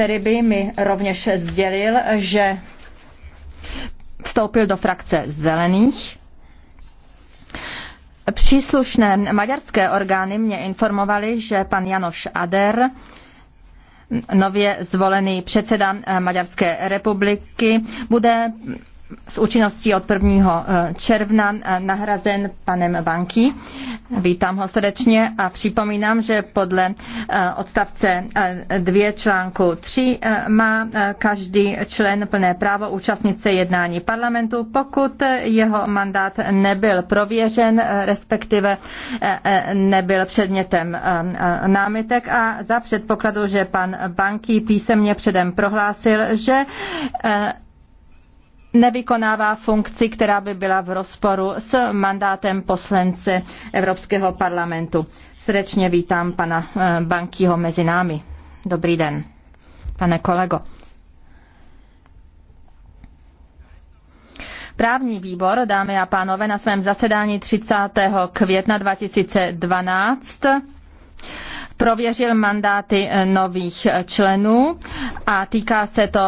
Ceriby mi rovněž sdělil, že vstoupil do frakce zelených. Příslušné maďarské orgány mě informovaly, že pan Janoš Ader, nově zvolený předseda Maďarské republiky, bude s účinností od 1. Eh, června eh, nahrazen panem Banky. Vítám ho srdečně a připomínám, že podle eh, odstavce 2 článku 3 má každý člen plné právo účastnit se jednání parlamentu, pokud jeho mandát nebyl prověřen, respektive nebyl předmětem námitek a za předpokladu, že pan Banky písemně předem prohlásil, že nevykonává funkci, která by byla v rozporu s mandátem poslance Evropského parlamentu. Srdečně vítám pana eh, Bankyho mezi námi. Dobrý den, pane kolego. Právní výbor, dámy a pánové, na svém zasedání 30. května 2012 prověřil mandáty eh, nových členů a týká se to